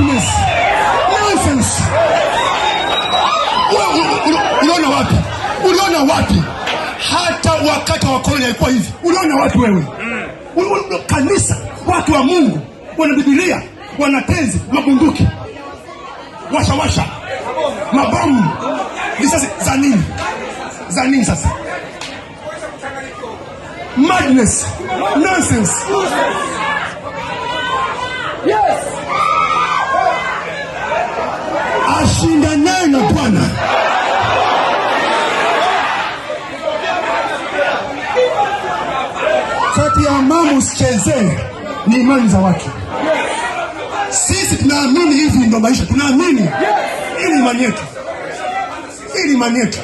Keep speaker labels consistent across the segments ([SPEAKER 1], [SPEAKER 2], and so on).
[SPEAKER 1] Darkness. Nonsense. Unaona wapi? Unaona wapi? Hata wakati wa koloni alikuwa hivi. uliona wapi wewe? Mm. Kanisa, watu wa Mungu wana Biblia, wana tenzi, mabunduki, washawasha, mabomu, risasi za nini? Za nini sasa? Madness, nonsense. Yes. Shinda naye na Bwana. Kati ya mama usichezee, ni imani za watu. Sisi tunaamini hivi ndio maisha, tunaamini ili imani yetu, ili imani yetu.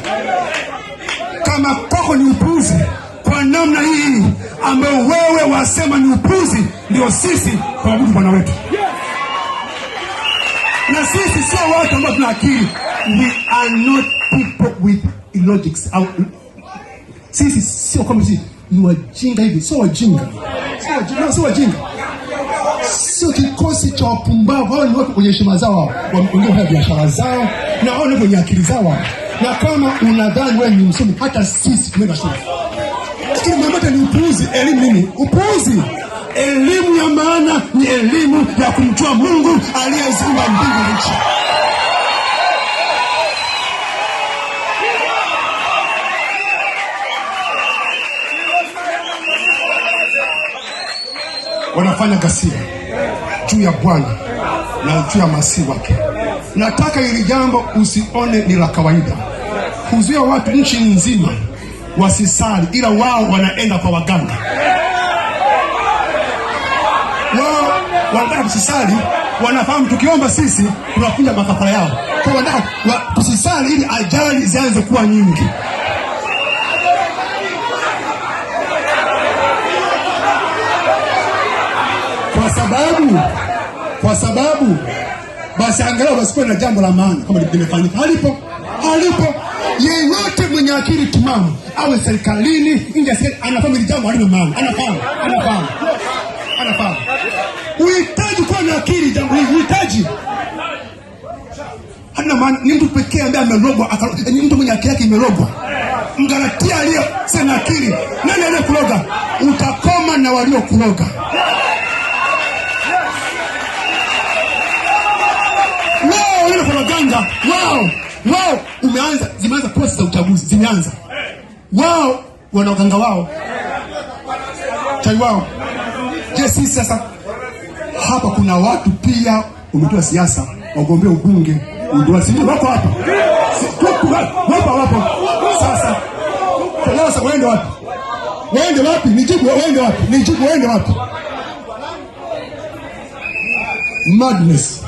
[SPEAKER 1] Kama kwako ni upuzi kwa namna hii ambayo wewe wasema ni upuzi ndio sisi kwa kuabudu Bwana wetu. Hawa watu ambao tuna akili, we are not people with illogics. Sisi sio kama sisi ni wajinga hivi, sio wajinga, sio wajinga, sio kikosi cha wapumbavu. Hawa ni watu kwenye heshima zao, wamekuja biashara zao na hao ni kwenye akili zao, na kama unadhani wewe ni msomi, hata sisi tumeenda shule Mamata ni upuuzi. Elimu nini? Upuuzi. Elimu ya maana ni elimu ya kumjua Mungu aliyeziumba mbingu nchi. wanafanya ghasia juu ya Bwana na juu ya masii wake. Nataka hili jambo usione ni la kawaida, kuzuia watu nchi nzima wasisali, ila wao wanaenda kwa waganga wao wanataka tusisali, wanafahamu tukiomba sisi tunafunja makafara yao, kwa wanataka tusisali ili ajali zianze kuwa nyingi. wangu, kwa sababu basi angalau wasikuwe na jambo la maana kama limefanyika alipo alipo yeyote mwenye akili timamu awe serikalini nje ya serikali, anafahamu hili jambo halina maana, anafahamu anafahamu anafahamu. Uhitaji kuwa na akili jambo hili uhitaji, hana maana. Ni mtu pekee ambaye amerogwa, ni mtu mwenye akili yake imerogwa. Mgalatia aliye sana akili, nani aliyekuroga? Utakoma na waliokuroga. kwamba wao wao umeanza zimeanza process za uchaguzi zimeanza, wao wana uganga wao chai wao. Je, sisi sasa hapa kuna watu pia umetoa siasa wagombea ubunge udiwani wako hapa wapo wapo. Sasa sasa waende wapi? Waende wapi? Nijibu, waende wapi? Nijibu, waende wapi? Madness,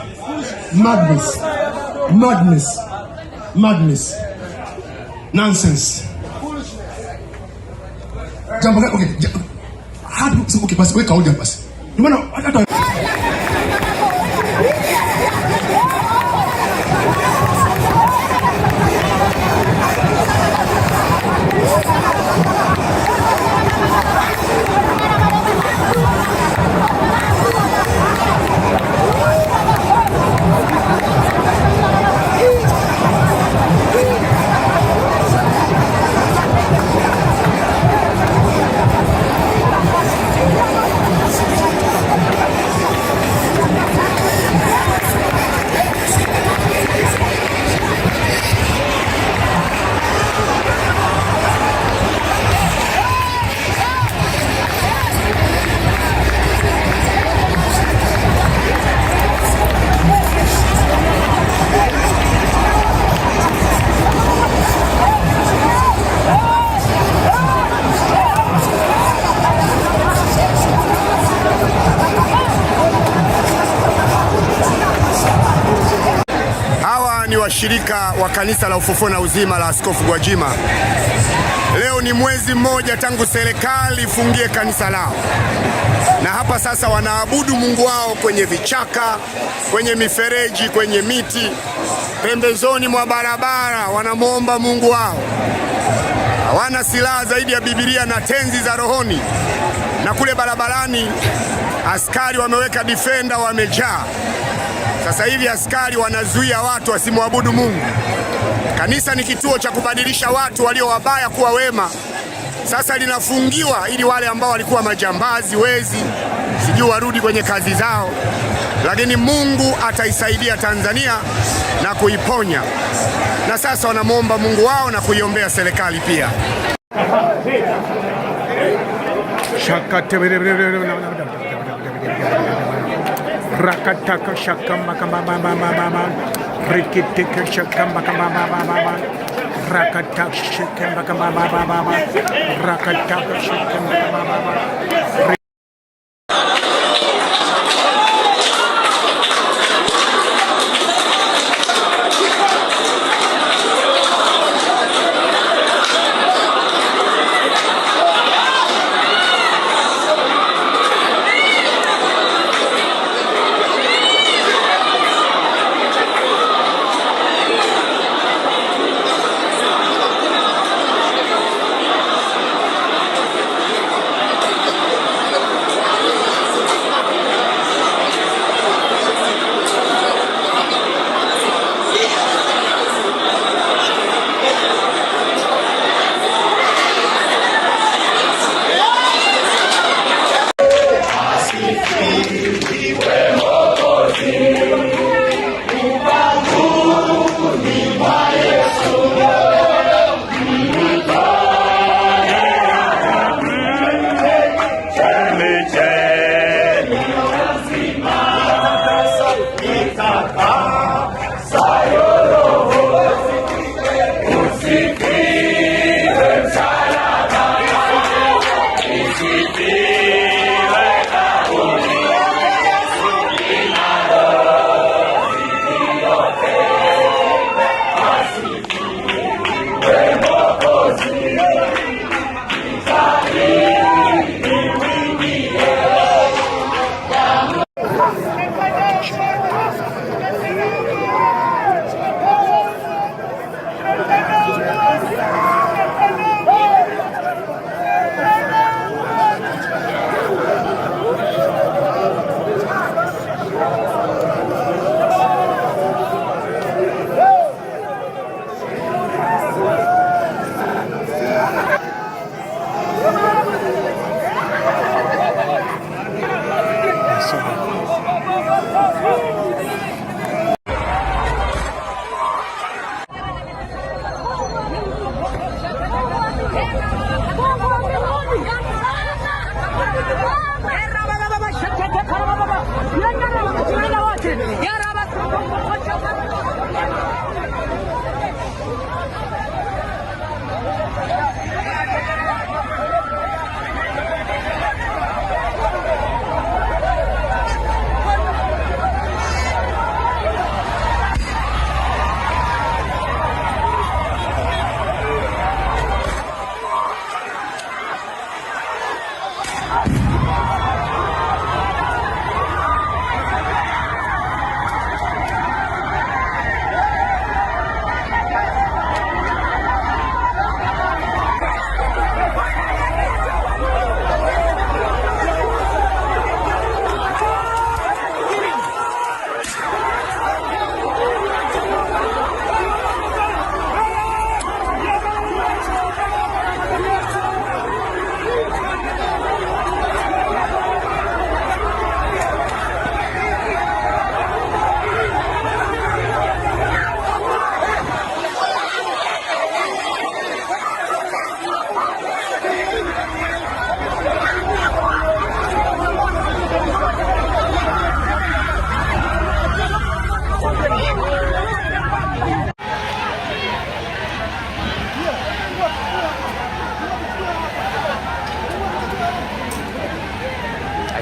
[SPEAKER 1] madness. madness madness nonsense jambaka okay jambaka how do you say okay pastor wey ka o jambasi no matter how. washirika wa kanisa la Ufufuo na Uzima la Askofu Gwajima. Leo ni mwezi mmoja tangu serikali ifungie kanisa lao, na hapa sasa wanaabudu Mungu wao kwenye vichaka, kwenye mifereji, kwenye miti, pembezoni mwa barabara, wanamwomba Mungu wao. Hawana silaha zaidi ya Biblia na tenzi za rohoni, na kule barabarani askari wameweka difenda, wamejaa sasa hivi askari wanazuia watu wasimwabudu Mungu. Kanisa ni kituo cha kubadilisha watu walio wabaya kuwa wema, sasa linafungiwa ili wale ambao walikuwa majambazi, wezi, sijui warudi kwenye kazi zao, lakini Mungu ataisaidia Tanzania na kuiponya, na sasa wanamwomba Mungu wao na kuiombea serikali pia. Rakataka shakamba kamba mama mama Rikiteke shakamba kamba mama mama Rakataka shakamba kamba mama mama Rakataka shakamba kamba mama mama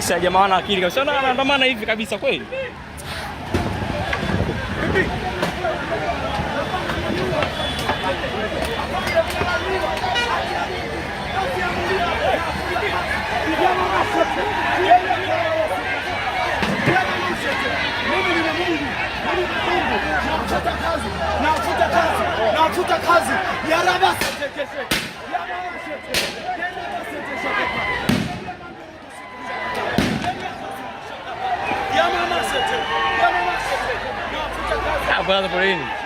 [SPEAKER 2] kabisa, jamaa wana akili kabisa, na anaandamana hivi kabisa kweli. kazi Ah, puedo por ahí.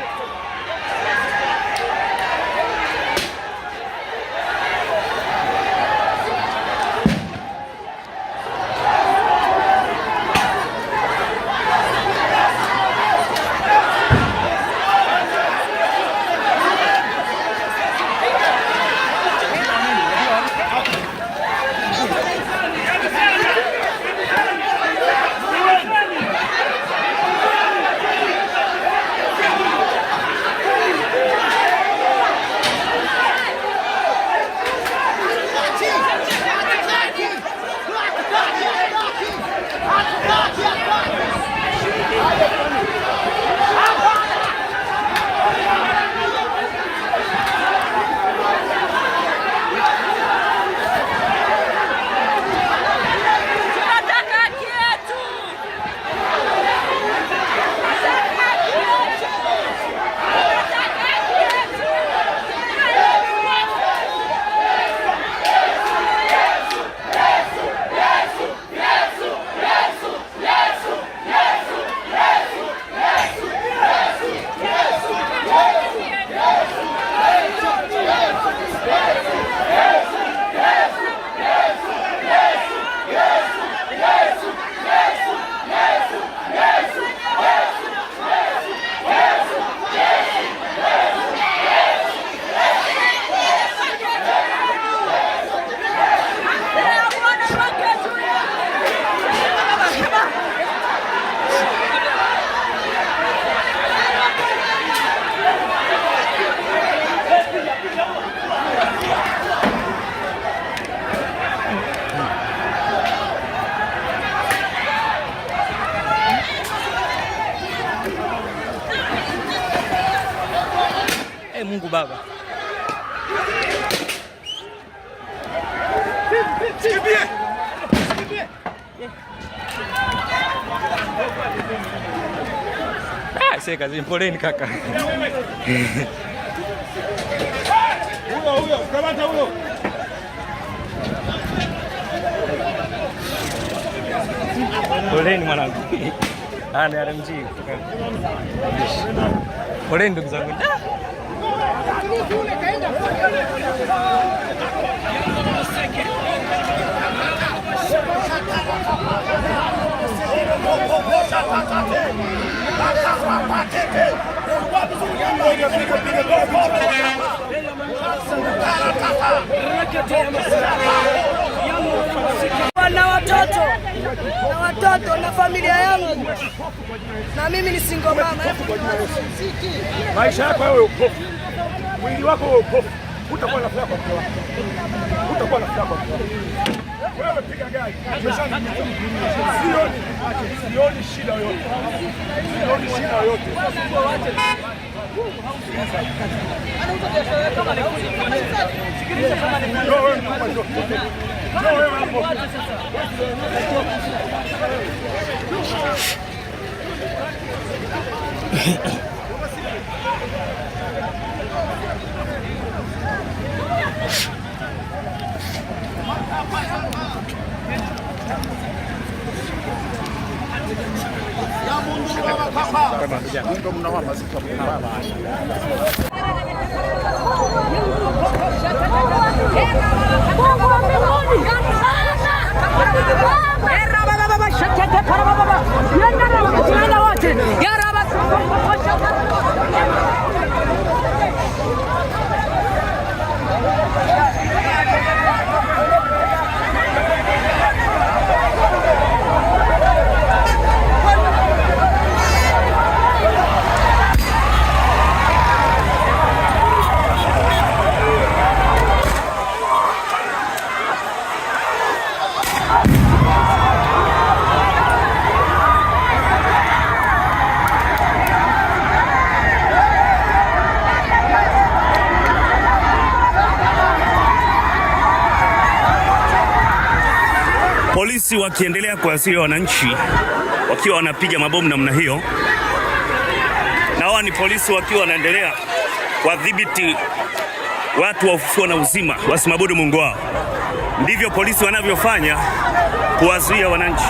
[SPEAKER 2] Aisee, kazi poleni kaka. Huyo huyo, kamata huyo. Poleni mwanangu. Ah, ni RMG Poleni ndugu zangu. Ah! na watoto na watoto na familia yangu, na mimi ni single mama. Maisha yako wewe uko mwili wako wewe uko utakuwa na furaha kwa mke wako, utakuwa na furaha kwa mke wako wewe piga gari, sioni shida yoyote, sioni shida yoyote. Tamam güzel. Bunda bunda var nasıl kapı? Tamam. Ya Rabbi, polisi wakiendelea kuasiria wananchi wakiwa wanapiga mabomu namna hiyo, na hawa ni polisi wakiwa wanaendelea kuwadhibiti watu wa ufufuo na uzima wasimabudu Mungu wao. Ndivyo polisi wanavyofanya kuwazuia wananchi.